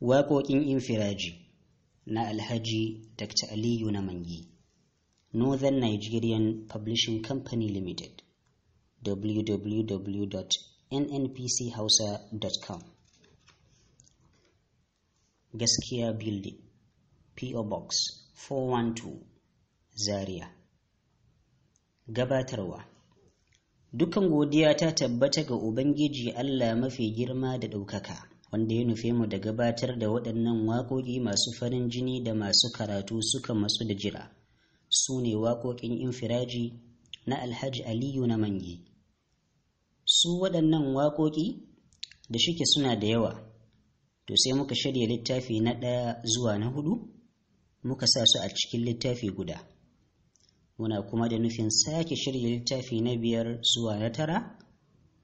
waƙoƙin infiraji na alhaji dr aliyu na mangi northern nigerian publishing company limited www.nnpchausa.com gaskiya building po box 412 zaria gabatarwa dukan godiya ta tabbata ga ubangiji allah mafi girma da ɗaukaka wanda ya nufe mu da gabatar da waɗannan waƙoƙi masu farin jini da masu karatu suka masu da jira su ne waƙoƙin infiraji na alhaji aliyu na mangi su waɗannan waƙoƙi da shike suna da yawa to sai muka shirya littafi na ɗaya zuwa na hudu muka sa su a cikin littafi guda muna kuma da nufin sake shirya littafi na biyar zuwa na tara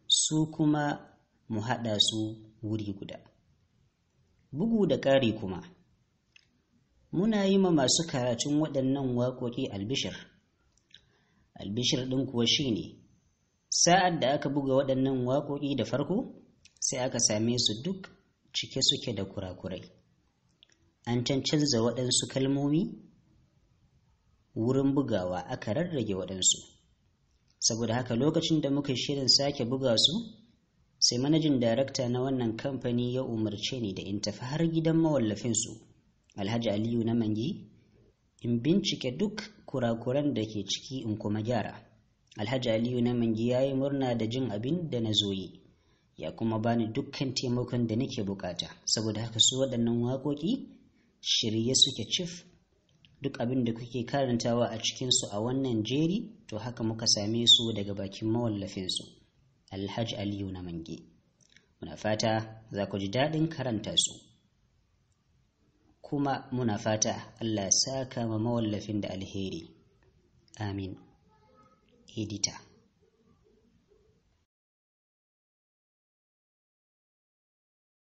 su kuma mu haɗa su wuri guda bugu da ƙari kuma muna yi ma masu karatun waɗannan waƙoƙi albishir albishir ɗin kuwa shi ne sa'ad da aka buga waɗannan waƙoƙi da farko sai aka same su duk cike suke da kurakurai an cancanza waɗansu kalmomi wurin bugawa aka rarrage waɗansu saboda haka lokacin da muka shirin sake buga su sai manajin darakta na wannan kamfani ya umarce ni da in tafi har gidan mawallafinsu alhaji aliyu na mangi in bincike duk kurakuran da ke ciki in kuma gyara alhaji aliyu na mangi ya yi murna da jin abin da na zoye ya kuma bani dukkan taimakon da nake bukata saboda haka su waɗannan waƙoƙi shirye suke cif duk abin da kuke karantawa a cikinsu a wannan jeri to haka muka same su daga bakin mawallafinsu Alhaji Aliyu na Mange. Muna fata za ku ji daɗin karanta su. Kuma muna fata Allah ya saka ma mawallafin da alheri. Amin. Edita.